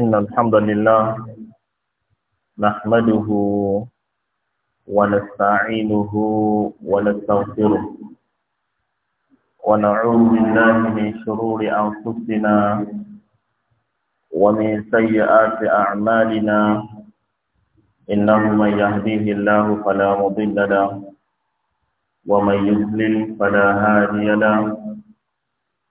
إن الحمد لله نحمده ونستعينه ونستغفره ونعوذ بالله من شرور أنفسنا ومن سيئات أعمالنا إنه من يهديه الله فلا مضل له ومن يضلل فلا هادي له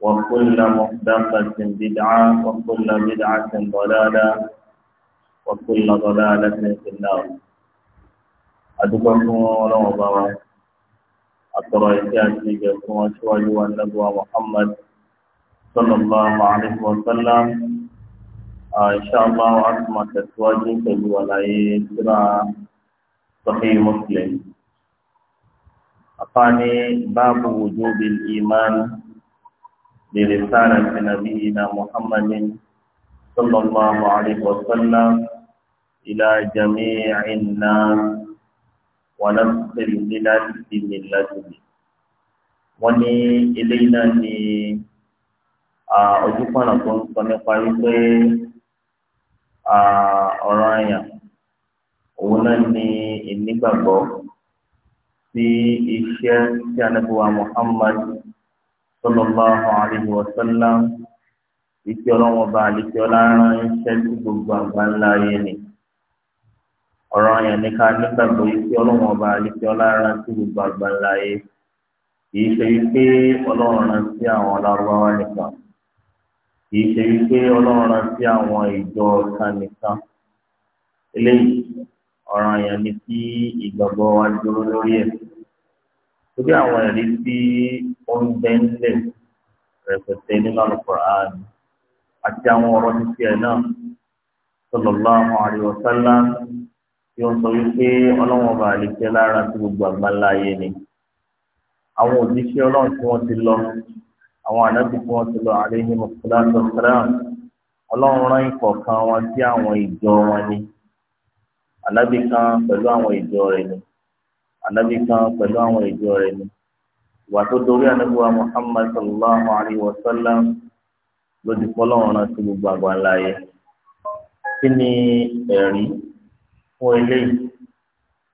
وكل محدثة بدعة وكل بدعة ضلالة وكل ضلالة في النار أدعوكم ورغبا ضوى الترايسات لجاكم وشواج والنبوة محمد صلى الله عليه وسلم آه، إن شاء الله أسمى تسواجي تجوى لأي صحيح مسلم أقاني باب وجوب الإيمان بلسانة نبينا محمد صلى الله عليه وسلم إلى جميع الناس ونفصل إلى من لدنه وني إلينا ني ojú kan tó ń sọ nípa wípé ọ̀rọ̀ àyàn òun náà ni ìnígbàgbọ́ sí iṣẹ́ tí a nàbẹ̀wá Muhammad sallallahu alaihi wasallam ìkí ọlọ́wọ́n bá àlìkí ọlọ́run iṣẹ́ tí gbogbo àgbà ńlá yé ni ọ̀rọ̀ yẹn ní ká nígbàgbọ́ ìkí ọlọ́wọ́n bá àlìkí ọlọ́run tí gbogbo àgbà ńlá yé kì í ṣe wípé ọlọ́run rán sí àwọn lárúbáwá nìkan kì ṣe wípé ọlọ́run rán sí àwọn ìjọ ọ̀sán nìkan eléyìí ọ̀rọ̀ yẹn ní kí ìgbàgbọ́ wa dúró lórí ẹ̀ torí àwọn ẹ̀rí tí ó ń bẹ ń lẹ̀ rẹpẹtẹ nínú alukur'an àti àwọn ọ̀rọ̀ títí ẹ̀ náà sallallahu alaihi wasallam tí ó ń sọ wípé ọlọ́wọ́n bá àlejò lára tí gbogbo àgbáńlá ayé ni àwọn òjíṣẹ́ ọlọ́run tí wọ́n ti lọ àwọn ànábì tí wọ́n ti lọ àlejò mọ̀kúláṣọ sẹ́ràn ọlọ́run rán ìkọ̀ọ̀kan wọn sí àwọn ìjọ wọn ni ànábì kan pẹ̀lú àwọn ìjọ rẹ̀ ni anabi kan pẹ̀lú àwọn ìjọ rẹ̀ ni ìwà tó dorí anabi wa muhammad sallallahu alayhi wa sallam ló ti kọ́ lọ́wọ́ náà sí gbogbo àgbà ńlá yẹ kí ni ẹ̀rí fún eléyìí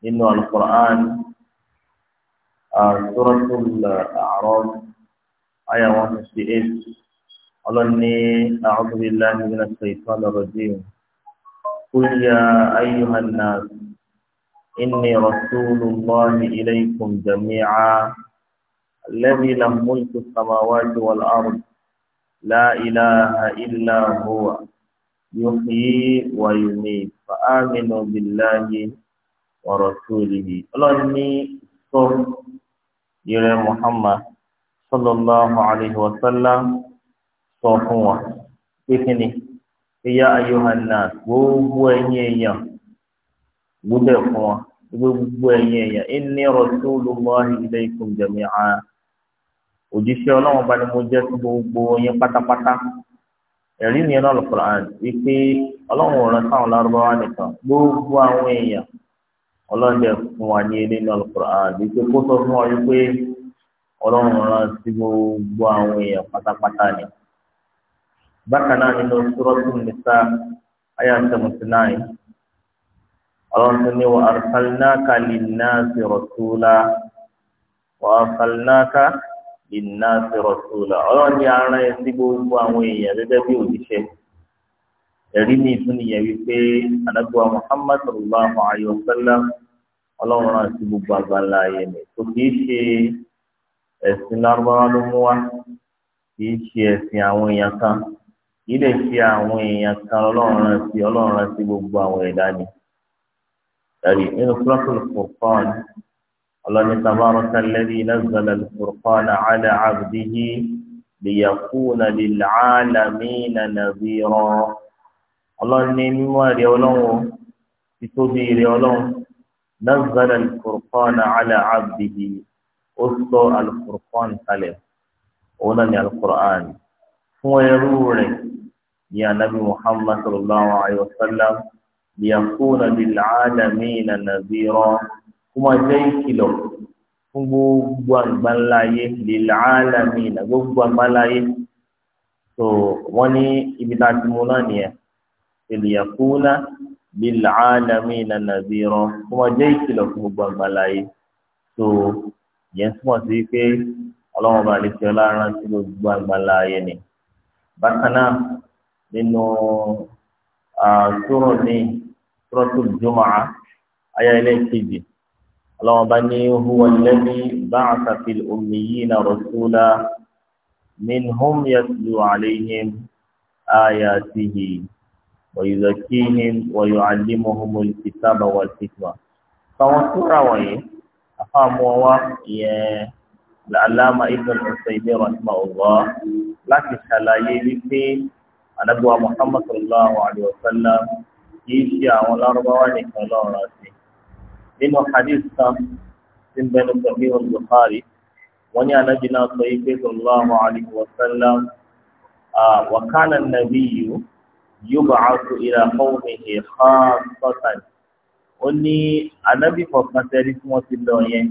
nínú alukur'an suratul a'raf aya one fifty eight ọlọ́ni a'udhu billahi minash shaitanir rajim qul ya ayyuhan nas. إني رسول الله إليكم جميعا الذي له ملك السماوات والأرض لا إله إلا هو يحيي ويميت فآمنوا بالله ورسوله الله صوم يرى محمد صلى الله عليه وسلم صوم وكني يا أيها الناس وهو ينيم wúlẹ̀ fún wa gbogbo ẹ̀yin èèyàn inni rasulullahi ilaykum jami'a òjíṣẹ́ ọlọ́run bá ní mo jẹ́ sí gbogbo yín pátápátá ẹ̀rí ni ẹ̀rọ Al-Qur'an wípé ọlọ́run ò rán sáwọn lárúbáwá nìkan gbogbo àwọn èèyàn ọlọ́run fún wa ní ilé ní kó sọ fún wa wípé ọlọ́run sí gbogbo àwọn èèyàn pátápátá ni. bákan náà nínú ọlọ́run tó ní wa arsalnaka linnasi rasula wa arsalnaka linnasi rasula ọlọ́run ní ara ẹ sí gbogbo àwọn èèyàn gẹ́gẹ́ bí òjíṣẹ́ ẹ̀rí ní ìtúnìyẹn wípé anagba muhammad sallallahu alayhi wa sallam ọlọ́run náà sí gbogbo àgbáńlá ayé mi tó kìí ṣe ẹ̀sìn lárúbáwá ló mú wá kìí ṣe ẹ̀sìn àwọn èèyàn kan kìí lè ṣe àwọn èèyàn kan ọlọ́run náà sí ọlọ́run náà sí gbogbo àwọn ẹ̀dá ni ẹ̀rí nínú suratul Furqan ọlọ́ni tabaraka alladhi nazzala al-furqana ala abdihi liyakuna lil'alamina nadhira ọlọ́ni mímú ẹ̀rí ọlọ́run títóbi ẹ̀rí ọlọ́run nazzala al-furqana ala abdihi ó sọ al-furqan kalẹ̀ òun náà ni al-Qur'an fún ẹrú rẹ̀ ní Muhammad sallallahu alayhi wa liyakuna lil'alamina nadhira kó máa jẹ́ ìkìlọ̀ fún gbogbo àgbáńláyé lil'alamina gbogbo àgbáńláyé tó wọ́n ní ibi tá a ti mú náà nìyẹn liyakuna lil'alamina nadhira kó máa jẹ́ ìkìlọ̀ fún gbogbo àgbáńláyé tó yẹn túmọ̀ sí pé ọlọ́run bá lè fi ọlá rántí gbogbo àgbáńláyé ni bákan náà nínú sórò ní sóròtò jùmọ̀á ayé ilé kejì ọlọ́wọ́n bá ní huwa alladhi ba'atha fil ummiyina rasula minhum yatlu alayhim ayatihi wa yuzakkihim wa yu'allimuhumul kitaba wal hikma. sọ̀wọ́n sóra wọ̀nyí afáàmù wa yẹn làlámà ibn al rahimahullah láti ṣàlàyé wípé ànábùwà Muhammad sallallahu alayhi wa sallam kìí ṣe àwọn lárúbáwá nìkan lọ́rọ̀ sí nínú hadith kan tí ń bẹnu pẹ̀lú olùbùkárì wọ́n ní anájì náà sọ yìí pé sallallahu alayhi wa sallam wa kana an-nabiyyu yub'athu ila qawmihi khassatan ó ní anábì kọ̀ọ̀kan tẹ́lí tí wọ́n ti lọ yẹn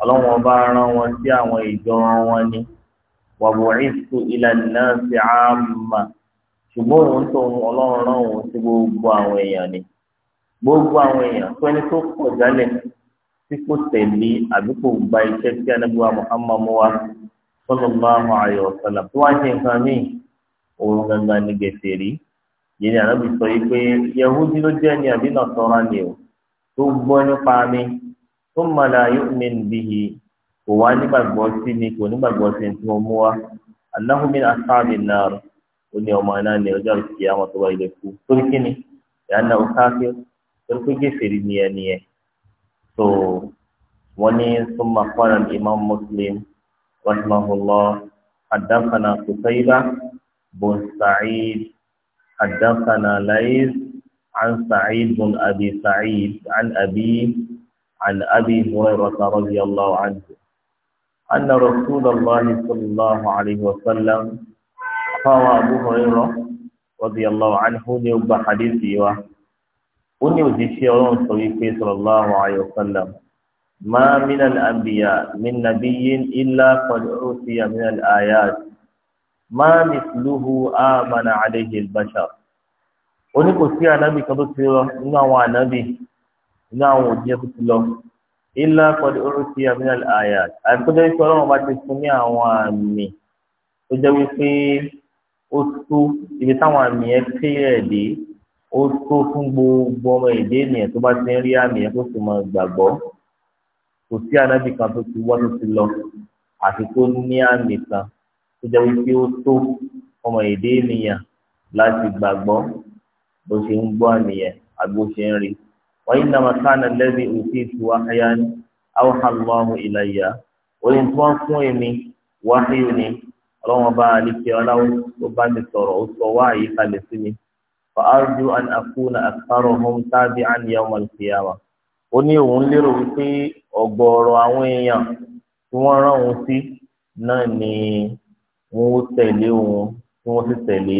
ọlọ́wọ́n bá rán wọn sí àwọn ìjọ wọn ni wa bu'ithu ila an-nasi ṣùgbọ́n òun tó ọlọ́run rán òun sí gbogbo àwọn èèyàn ni gbogbo àwọn èèyàn tó ẹni tó pọ̀ jálẹ̀ tí kò tẹ̀lé àbí kò gba iṣẹ́ tí anábíwá Muhammad wa sallallahu alaihi wasallam tó wá ṣe nǹkan míì òun gangan ni rí yìí ni anábì sọ yìí pé yahudi ló o tó gbọ́ nípa mi tó mọ̀lá yóò mi kò wá nígbàgbọ́ sí mi kò nígbàgbọ́ sí mi ó ní ọmọ iná ní ọjọ́ àlùkí àwọn tó bá ilẹ̀ kú torí kí ni ìyáná òkáfíà torí pé gèfèrè ni ẹni ẹ so wọn ní súnmọ́ kọ́ra imam muslim rahimahullah adafana kutaiba bun sa'id adafana lais عن سعيد بن أبي سعيد عن أبي عن أبي هريرة رضي الله عنه أن رسول الله صلى الله عليه àfáwà Abu Hurairah radiyallahu anhu ní ọgbà hadith yìí wá ó ní òjíṣẹ́ ọlọ́run sọ wípé sallallahu alayhi wa sallam ma minal anbiya min nabiyyin illa qad utiya minal ayat ma mithluhu amana alayhi al-bashar ó ní kò sí ànábì kan tó ti lọ nínú àwọn ànábì nínú àwọn òjíṣẹ́ tó ti lọ ilá kọ́ni orúkí aminal ayat àìkúndé ìṣòro wọn bá ti fún ní àwọn àmì tó jẹ́ wípé ó tó ibi táwọn àmì yẹn kéré dé ó tó fún gbogbo ọmọ èdè ènìyàn tó bá ti ń rí àmì yẹn tó sì mọ gbàgbọ́ kò sí ànábì kan tó ti wá tó ti lọ àti tó ní àmì kan tó jẹ́ wípé ó tó ọmọ èdè ènìyàn láti gbàgbọ́ bó ṣe ń gbọ́ àmì yẹn àbí ṣe ń rí wọ́n yìí nàmà kánà lẹ́bi òsì ìtù wáhayá ni àwọn àlọ́ ìlàyà orin tí wọ́n fún èmi wáhayó ni ọlọ́wọ́n bá alíkẹ́ ọláwó tó bá mi sọ̀rọ̀ ó sọ wá àyè kalẹ̀ sí mi fa arju an akuna aktharuhum tabi'an yawm al-qiyamah ó ní òun lérò wípé ọ̀gọ̀ọ̀rọ̀ àwọn èèyàn tí wọ́n rán òun sí náà ni wọ́n tẹ̀lé òun tí wọ́n sì tẹ̀lé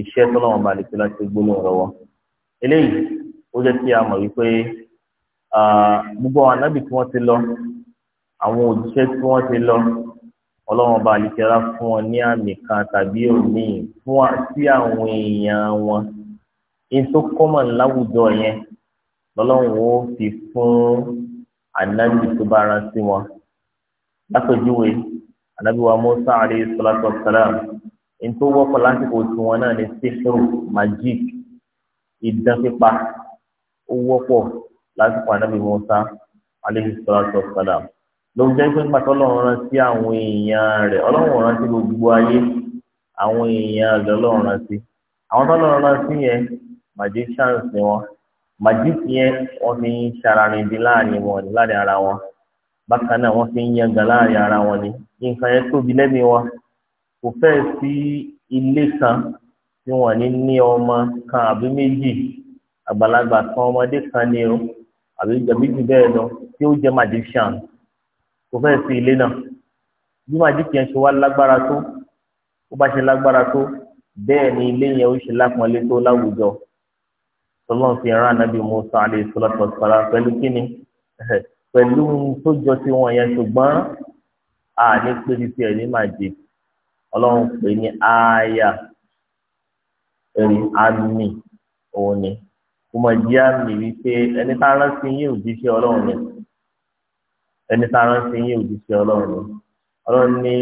iṣẹ́ tọ́lọ́wọ́n bá alíkẹ́ láti gbólóhùn lọ́wọ́ eléyìí ó jẹ́ kí a mọ̀ wípé gbogbo àwọn anábì tí wọ́n ti lọ àwọn òjíṣẹ́ tí wọ́n ti lọ ọlọ́run ọba àlìkẹ́ra fún wọn ní àmì kan tàbí òní fún wa sí àwọn èèyàn wọn in tó kọ́mọ̀ láwùjọ yẹn lọ́lọ́run ó fi fún ànábì tó bá ran sí wọn lápèjúwe ànábì wa Musa alayhi salatu wa salam in tó wọ́pọ̀ lásìkò tiwọn náà ní sihiru magic idán pípa ó wọ́pọ̀ lásìkò ànábì Musa alayhi salatu wa salam. ló jẹ́ pé nígbà tó lọ́run rántí àwọn èèyàn rẹ̀ ọlọ́run rántí gbogbo ayé àwọn èèyàn rẹ̀ lọ́run rántí àwọn tó lọ́run rántí yẹn magicians ni wọ́n magic yẹn wọ́n fi ń ṣararindi láàrin wọn láàrin ara wọn bákan náà wọ́n fi ń yangàn láàrin ara wọn ni nǹkan yẹn tóbi kò fẹ́ sí ilé kan tí wọ́n ní ní ọmọ kan o àbí jù kò fẹ́ sí ilé náà bí màjíkì yẹn ṣe wá lágbára tó ó bá ṣe lágbára tó bẹ́ẹ̀ ni ilé yẹn ó ṣe lápọ́nlé tó láwùjọ tọ́lọ́n fi ran anabi musa alayhi salatu wa pẹ̀lú kíni pẹ̀lú tó jọ sí wọn yẹn ṣùgbọ́n a ní pé títí ẹ̀ ní màjíkì ọlọ́run pè ní aya ẹ̀rí àmì òun ni kò mọ̀ jí àmì wípé ẹni tá a rántí yín òjíṣẹ́ ọlọ́run ni ẹni tá a rántí yín òjì sí ọlọ́run ni ọlọ́run ní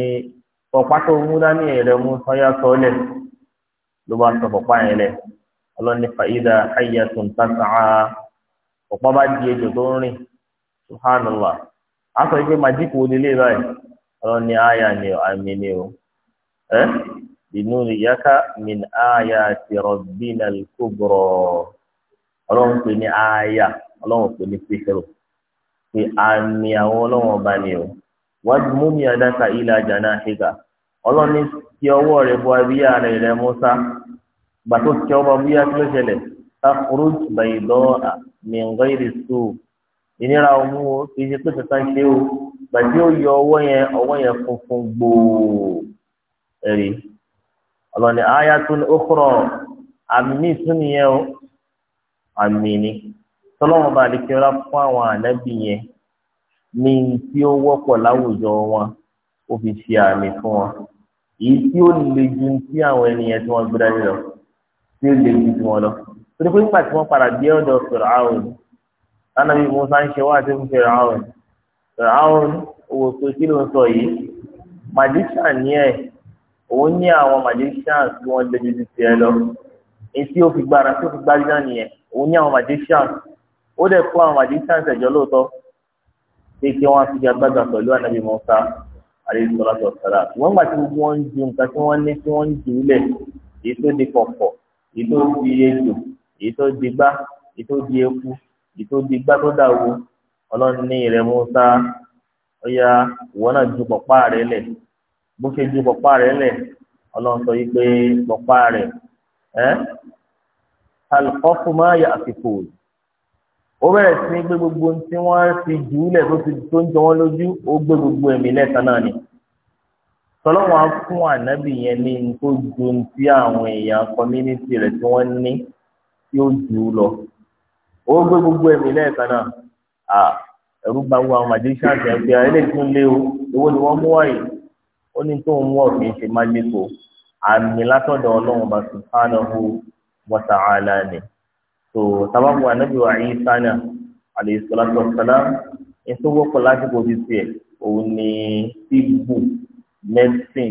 pọ̀pá tó mú dání ẹ̀rẹ̀ mú sọ́yà sọ́lẹ̀ ló bá sọ pọ̀pá yẹn lẹ̀ ọlọ́run ní fàyídà ayé tó ń tàṣà pọ̀pá bá di ejò tó ń rìn subhanallah a sọ pé màjíkù onílé báyìí ọlọ́run ní àyà ni àmì ni o ẹ́ ìnúni yaka min àyà ti rọ̀bìnà kúbọ̀rọ̀ ọlọ́run pè ní àyà ọlọ́run pè ní pẹ́sẹ̀rọ̀ pé àmì àwọn ọlọ́wọ́n ọba ni o wọ́n mú mi àdáka ilẹ̀ àjànà àṣegà ọlọ́ni ti ọwọ́ rẹ̀ bọ abíyá rẹ̀ rẹ̀ mọ́sá gbà tó ti ọba abíyá tó ṣẹlẹ̀ takurut bayidọ́ mìíràn ìrìsù ìnira ọmú o kì í ṣe pé kankan ṣe o gbà tí ó yọ ọwọ́ yẹn ọwọ́ yẹn funfun gbòò ẹ̀rí ọlọ́ni ayatun ukhra àmì ìtúnìyẹn o àmì ni tọ́lọ́wọ́n bá lè kíra fún àwọn ànábì yẹn ní tí ó wọ́pọ̀ láwùjọ wọn ó fi ṣe àmì fún wọn èyí tí ó le ju ti àwọn ènìyàn tí wọ́n gbéra lọ tí ó le ju tiwọn lọ torí pé nígbà tí wọ́n padà dé ọ̀dọ̀ Fìràhùn lánàbí Musa ń ṣe wá àti fún Fìràhùn Fìràhùn owó pé kí ló ń sọ yìí magician ni ẹ òun ní àwọn magician tí wọ́n le ju ti tiẹ̀ lọ èyí tí ó fi gbára tí ó fi gbájú náà nìyẹn òun ní àwọn magician ó dẹ̀ kó àwọn àdìsíànsì ẹ̀jọ́ lóòótọ́ pé kí wọ́n fi agbága pẹ̀lú ànábì Mùsá àdìsíọ́láṣọ sọ̀rọ̀ wọ́n gbà tí gbogbo wọn ń ju nǹkan tí wọ́n ní tí wọ́n ń jù ú lẹ̀ èyí tó di pọ̀pọ̀ èyí tó di ejò èyí tó di gbá èyí tó di eku èyí tó di gbá tó dàwó ọlọ́run ní ìrẹ̀ Mùsá ọ̀yà ìwọ náà ju pọ̀pá rẹ̀ lẹ̀ bó ṣe ju pọ̀pá rẹ̀ lẹ̀ ọlọ́run sọ yìí pé pọ̀pá rẹ̀ ẹ́ alùpùpù máa yà àsìkò yìí ó bẹ̀rẹ̀ sí ní gbé gbogbo tí wọ́n fi jù ú lẹ̀ tó ń jọ wọ́n lójú ó gbé gbogbo ẹ̀mí lẹ́sàn náà ni tọ́lọ́wọ́n á fún ànábì yẹn ní tó ju ti àwọn èèyàn community rẹ̀ tí wọ́n ní tí ó jù ú lọ ó gbé gbogbo ẹ̀mí lẹ́sàn náà ẹ̀rú bá wọ àwọn magicians yẹn pé ah, eléyìí tún lé o owó ni wọ́n mú wáyé ó ní tóun wọ̀ kì í ṣe májèkó àmì látọ̀dọ̀ ọlọ́run bá subhanahu wa so tabamu anabi wa Isa náà alayhi salatu wa salam ètò wọ́pọ̀ lásìkò bíi tiẹ̀ òun ni bíbù mẹ́sìn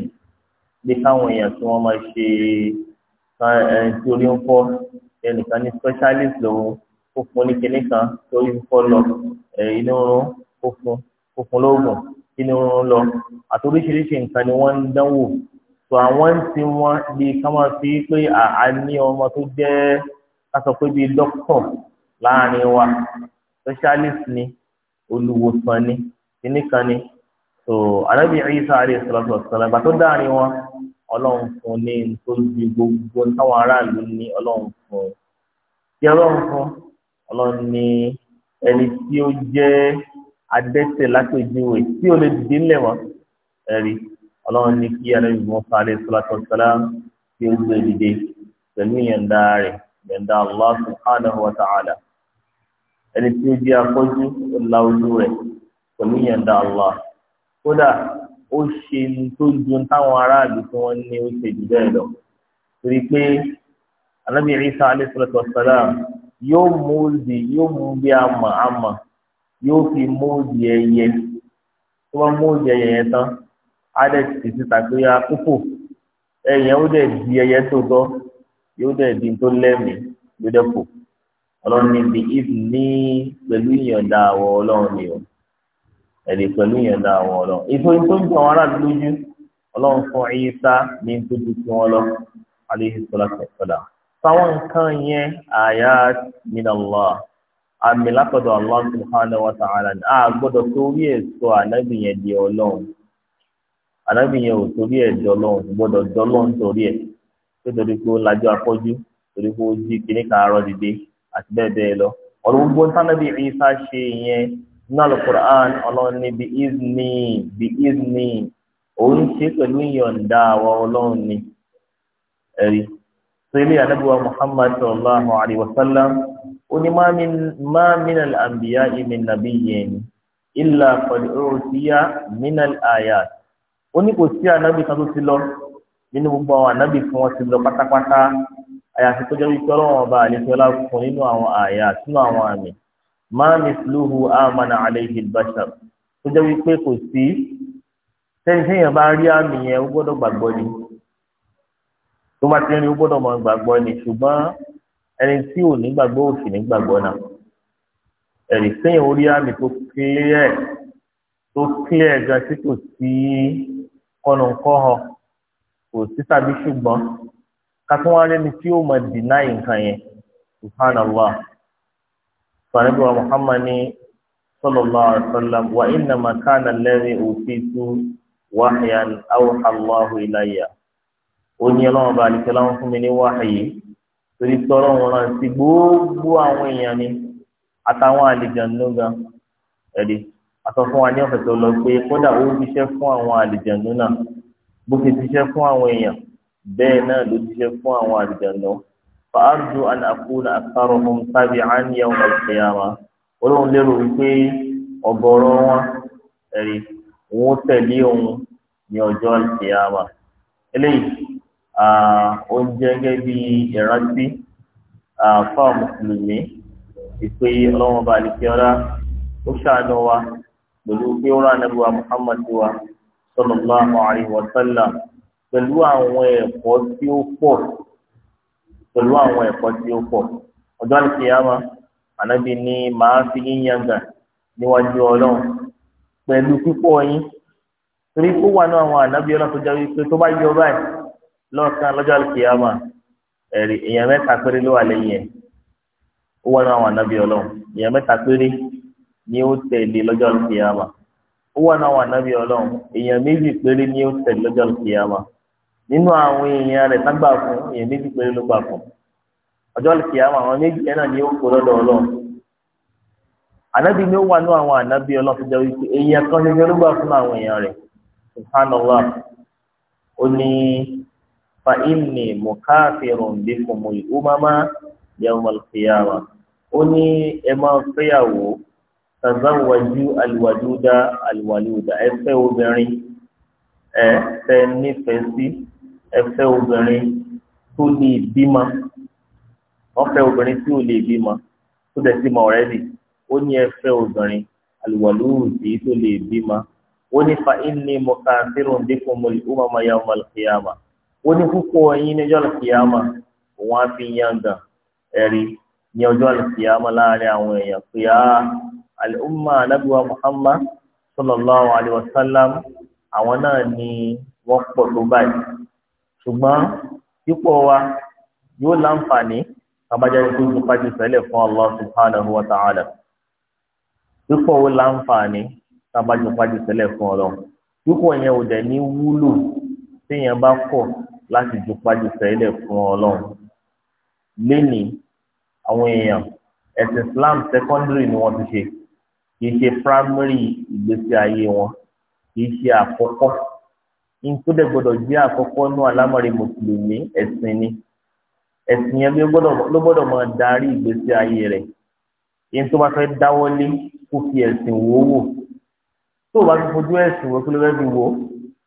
bí káwọn èèyàn tí wọ́n máa ṣe tí orí ń fọ́ ẹnìkan ní specialist lòun ó fún ní kinní kan torí ń fọ́ lọ inú oorun ó fún ó fún lóògùn inú oorun lọ àti oríṣiríṣi nǹkan ni wọ́n ń dánwò tó àwọn tí wọ́n bí ká fi pé àá ọmọ tó jẹ́ ká sọ pé bíi dókítọ̀ láàrin wa specialist ni olùwòsàn ni kìnnìkan ni so anabi isa alayhi salatu wa salam bàtó dáàrin wọn ọlọ́run fún ní nítorí gbogbo táwọn aráàlú ní ọlọ́run fún tí ọlọ́run fún ọlọ́run ní ẹni tí ó jẹ́ adẹ́tẹ̀ látòjúwe tí ó lè dìde ńlẹ̀ wọn ẹ̀rí ọlọ́run ní kí anabi musa alayhi salatu wa salam tí ó gbé dìde pẹ̀lú ìyọ̀ǹda rẹ̀ gbẹ̀ndà Allah subhanahu wa ta'ala ẹni tí ó jẹ́ akọ́jú ó la ojú rẹ̀ pẹ̀lú yẹ̀ndà Allah kódà ó ṣe tó ju táwọn aráàlú tí wọ́n ní ó ṣe jù bẹ́ẹ̀ lọ torí pé Ànábì Isa alayhi salatu wa salam yóò yóò mú bí àmà àmà yóò fi móòdì ẹyẹ tó bá móòdì ẹyẹ yẹn tán á dẹ̀ tètè tàgbéyà púpọ̀ ẹyẹ ó dẹ̀ di ẹyẹ tó tọ́. yóò dẹ̀ di tó lẹ́mìí yóò ọlọ́run ní bí if ní pẹ̀lú àwọ̀ ọlọ́run ni o ẹ̀dì pẹ̀lú ìyọ̀ǹda àwọ̀ ọlọ́run ìfọ̀ tó ń tọ̀ wọn aráàlú lójú ọlọ́run fún ayíṣá ní tó ju tí wọ́n lọ fáwọn nǹkan yẹn àyà ni a gbọ́dọ̀ torí ẹ̀ ànábì yẹn di ọlọ́run ànábì yẹn ò torí ẹ̀ torí pé torí pé ó lajú afọ́jú torí pé ó jí kíní kàárọ̀ dìde àti bẹ́ẹ̀ bẹ́ẹ̀ lọ ọ̀rọ̀ gbogbo sanabi isa ṣe yẹn nínú alukur'an ọlọ́run ní bí izni bí izni òun ṣe pẹ̀lú ìyọ̀ǹda àwa ọlọ́run ni ẹ̀rí sẹ́lẹ̀ anábíwá muhammad sallallahu alayhi wa sallam ó ní máa min al-anbiya min nabiyyin illa qad utiya min al-ayat ó ní kò sí anábì kan tó ti lọ nínú gbogbo àwọn ànábì fún wọn ti lọ pátápátá àyàfi tó jẹ́ wípé ọlọ́run ọba àlefẹ́lá fún nínú àwọn àyà sínú àwọn àmì máa mi fìlúhu amana alayhi albashar tó jẹ́ wípé kò sí sẹ́yìn sẹ́yìn bá rí àmì yẹn ó gbọ́dọ̀ gbàgbọ́ ni tó bá ti rí ó gbọ́dọ̀ mọ gbàgbọ́ ni ṣùgbọ́n ẹni tí ò ní gbàgbọ́ ò sì ní gbàgbọ́ náà ẹ̀rí sẹ́yìn orí àmì tó clear tó clear gan tí kò sí kọ́nùkọ́ kò sí tàbí ṣùgbọ́n ká tún wá rẹ́ni tí ó máa dìnà nǹkan yẹn subhanallah sàrẹ́bí wa muhammad ní sallallahu alaihi wasallam wa inna ma kana alladhi utitu wahyan awha Allahu ilayya ó ní ọlọ́run bá àdìsẹ́ láwọn fún mi ní wáhàyè torí tọ́lọ́ wọn náà sí gbogbo àwọn èèyàn ni àtàwọn àlejò ẹ̀rí àtọ̀ wa ní ọ̀fẹ́ tó lọ pé kódà ó ń fiṣẹ́ fún àwọn àlejò ńlọ́gà bó ti ṣiṣẹ́ fún àwọn èèyàn bẹ́ẹ̀ náà ló ṣiṣẹ́ fún àwọn àdìjànà fa arju an akuna aktharuhum tabi'an yawm al-qiyamah olóhùn lérò wípé ọ̀gọ̀rọ̀ wọn ẹ̀rí òun tẹ̀lé òun ní ọjọ́ al-qiyamah eléyìí oúnjẹ gẹ́gẹ́ bí ìrántí fáwọn mùsùlùmí ìpè ọlọ́wọ́n àlìkẹ́ ọlá ó ṣàánú wa pẹ̀lú pé ó rà nàbí wa wa sallallahu alaihi wa sallam pẹ̀lú àwọn ẹ̀kọ́ tí ó pọ̀ pẹ̀lú àwọn ẹ̀kọ́ tí ó pọ̀ ọjọ́ àlùkìyàmá ànábì ni màá fi yín yangàn níwájú ọlọ́run pẹ̀lú pípọ̀ yín torí kó wà náà àwọn ànábì ọlọ́run tó jáwé pé tó bá yọ báyìí lọ́ọ̀kan lọ́jọ́ àlùkìyàmá ẹ̀rí èèyàn mẹ́ta péré ló wà lẹ́yìn ẹ̀ ó wà náà àwọn ànábì ọlọ́run èèyàn mẹ́ta péré ni ó tẹ̀lé lọ́jọ́ àlùkìyàmá ó wà náà wà nábì ọlọ́run èèyàn méjì péré ní ó tẹ̀lé lọ́jọ́ kìyàmá nínú àwọn èèyàn rẹ̀ tágbà fún èèyàn méjì péré ló gbà fún ọjọ́ kìyàmá àwọn méjì yẹn náà ni ó kó lọ́dọ̀ ọlọ́run ànábì ni ó wà náà àwọn ànábì ọlọ́run fúnjẹ́ wípé èèyàn kan ṣoṣo ló gbà fún àwọn èèyàn rẹ̀ subhanallah ó ní fa inni mukafirun bikumul umama yawmal kìyàmá ó ní ẹ máa fẹ́yàwó tazawwaju alwaduda alwaluda ẹ fẹ́ obìnrin ẹ fẹ́ nífẹ̀ẹ́ sí ẹ fẹ́ obìnrin tó lè bímọ wọ́n fẹ́ obìnrin tí ò lè bímọ tó dẹ̀ sí mọ ọ̀rẹ́dì ó ní ẹ obìnrin alwaludi tó lè bímọ ó ní fa inni mukafirun bikumul umama yawmal qiyama ó ní púpọ̀ ẹ̀yin níjọ́ kìyàmà òun á fi yàn gàn ẹ̀rí ní ọjọ́ kìyàmà láàrin àwọn èèyàn pé á. Ah, àlùmọ́ anábíwá Muhammad sallallahu alaihi wasallam àwọn náà ni wọ́n pọ̀ tó báyìí ṣùgbọ́n pípọ̀ wa yóò láǹfààní abájáde tó tún fájú sẹ́lẹ̀ fún Allah subhanahu wa ta'ala pípọ̀ wo láǹfààní abájáde fájú sẹ́lẹ̀ fún ọlọ́run pípọ̀ yẹn ò dẹ̀ ní wúlò téèyàn bá kọ̀ láti ju fájú sẹ́lẹ̀ fún ọlọ́run lẹ́nìí àwọn èèyàn ẹ̀sìn Islam secondary ni wọ́n ti ṣe kì ṣe primary ìgbésí ayé wọn kì í ṣe àkọ́kọ́ nítorí gbọ́dọ̀ jẹ́ àkọ́kọ́ ní alámọ̀rẹ́ mùsùlùmí ẹ̀sìn ni ẹ̀sìn yẹn ló gbọ́dọ̀ máa darí ìgbésí ayé rẹ̀ yẹn tó bá fẹ́ dáwọ́lé kó fi ẹ̀sìn wò ó wò tó o bá fi fojú ẹ̀sìn wò kí ló fẹ́ fi wò ó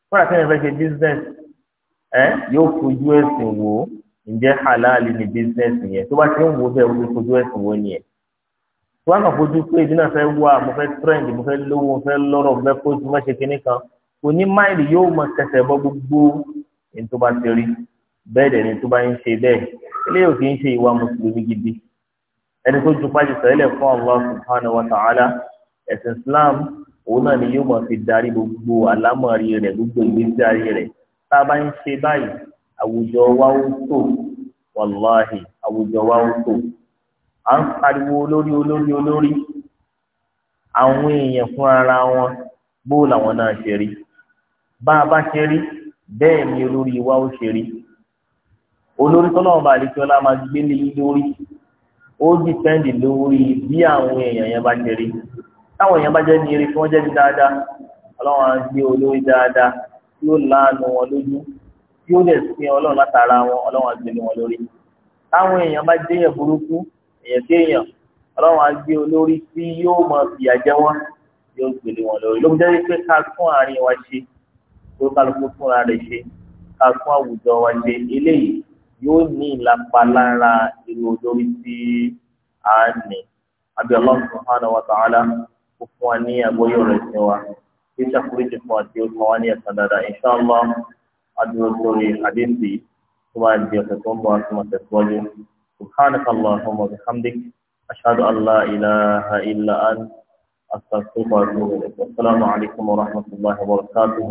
fúnra kẹ́hìn fẹ́ ṣe business ẹ yóò fojú ẹ̀sìn wò ǹjẹ́ halal ni business yẹn tó bá ti ń wò bẹ́ẹ̀ ó fi fojú ẹ̀sìn wò nìyẹn wọn kàn fojú pé ibi náà fẹ́ wá mo fẹ́ trend mo fẹ́ lówó mo fẹ́ lọ́rọ̀ mo fẹ́ kó mo fẹ́ ṣe kinní kan òní máìlì yóò mọ kẹsẹ̀ bọ́ gbogbo ní tó bá ti rí bẹ́ẹ̀ dẹ̀ ni tó bá ń ṣe bẹ́ẹ̀ eléyìí ò kì í ṣe ìwà mùsùlùmí gidi ẹni tó jupa jù sẹ́lẹ̀ fún Allah subhanahu wa ta'ala ẹ̀sìn Islam òun náà ni yóò mọ̀ fi darí gbogbo àlámọ̀rí rẹ̀ gbogbo ìgbésí ayé rẹ̀ tá a bá ń ṣe báyìí àwùjọ wa ó tò wàláhì àwùjọ wa ó tò à ń pariwo olórí olórí olórí àwọn èèyàn fún ara wọn bó làwọn náà ṣe rí bá a bá ṣe rí bẹ́ẹ̀ ni olórí wa ó ṣe rí olórí tọ́lọ́wọ́n bá àdékí ọlá máa gbé lé lórí ó dìpẹ́ǹdì lórí bí àwọn èèyàn yẹn bá ṣe rí táwọn èèyàn bá jẹ́ ní eré tí wọ́n jẹ́ ní dáadáa ọlọ́run á gbé olórí dáadáa tí ó láàánú wọn lójú tí ó lè sin ọlọ́run látara wọn ọlọ́run á gbé lé wọn lórí táwọn èèyàn bá jẹ́ yẹn burúkú èèyàn sí èèyàn ọlọ́run á gbé olórí tí yóò mọ fìyà jẹ wọ́n yóò gbèlè wọn lórí ló ń jẹ́ pé ká tún àárín wa ṣe tó kálukú fúnra rẹ̀ ṣe ká tún àwùjọ wa ṣe eléyìí yóò ní ìlàpá irú olórí tí a ní àbí Allah subhanahu wa ta'ala kó fún wa ní àgbóyò rẹ̀ sí wa kí sàkúrìjì fún wa tí ó fún wa ní ẹ̀sán dáadáa insha Allah adúró tó bá di ọ̀sẹ̀ tó ń bọ̀ àti ọ̀sẹ̀ tó wájú. سبحانك اللهم وبحمدك أشهد أن لا إله إلا أنت أستغفرك وأتوب إليك السلام عليكم ورحمة الله وبركاته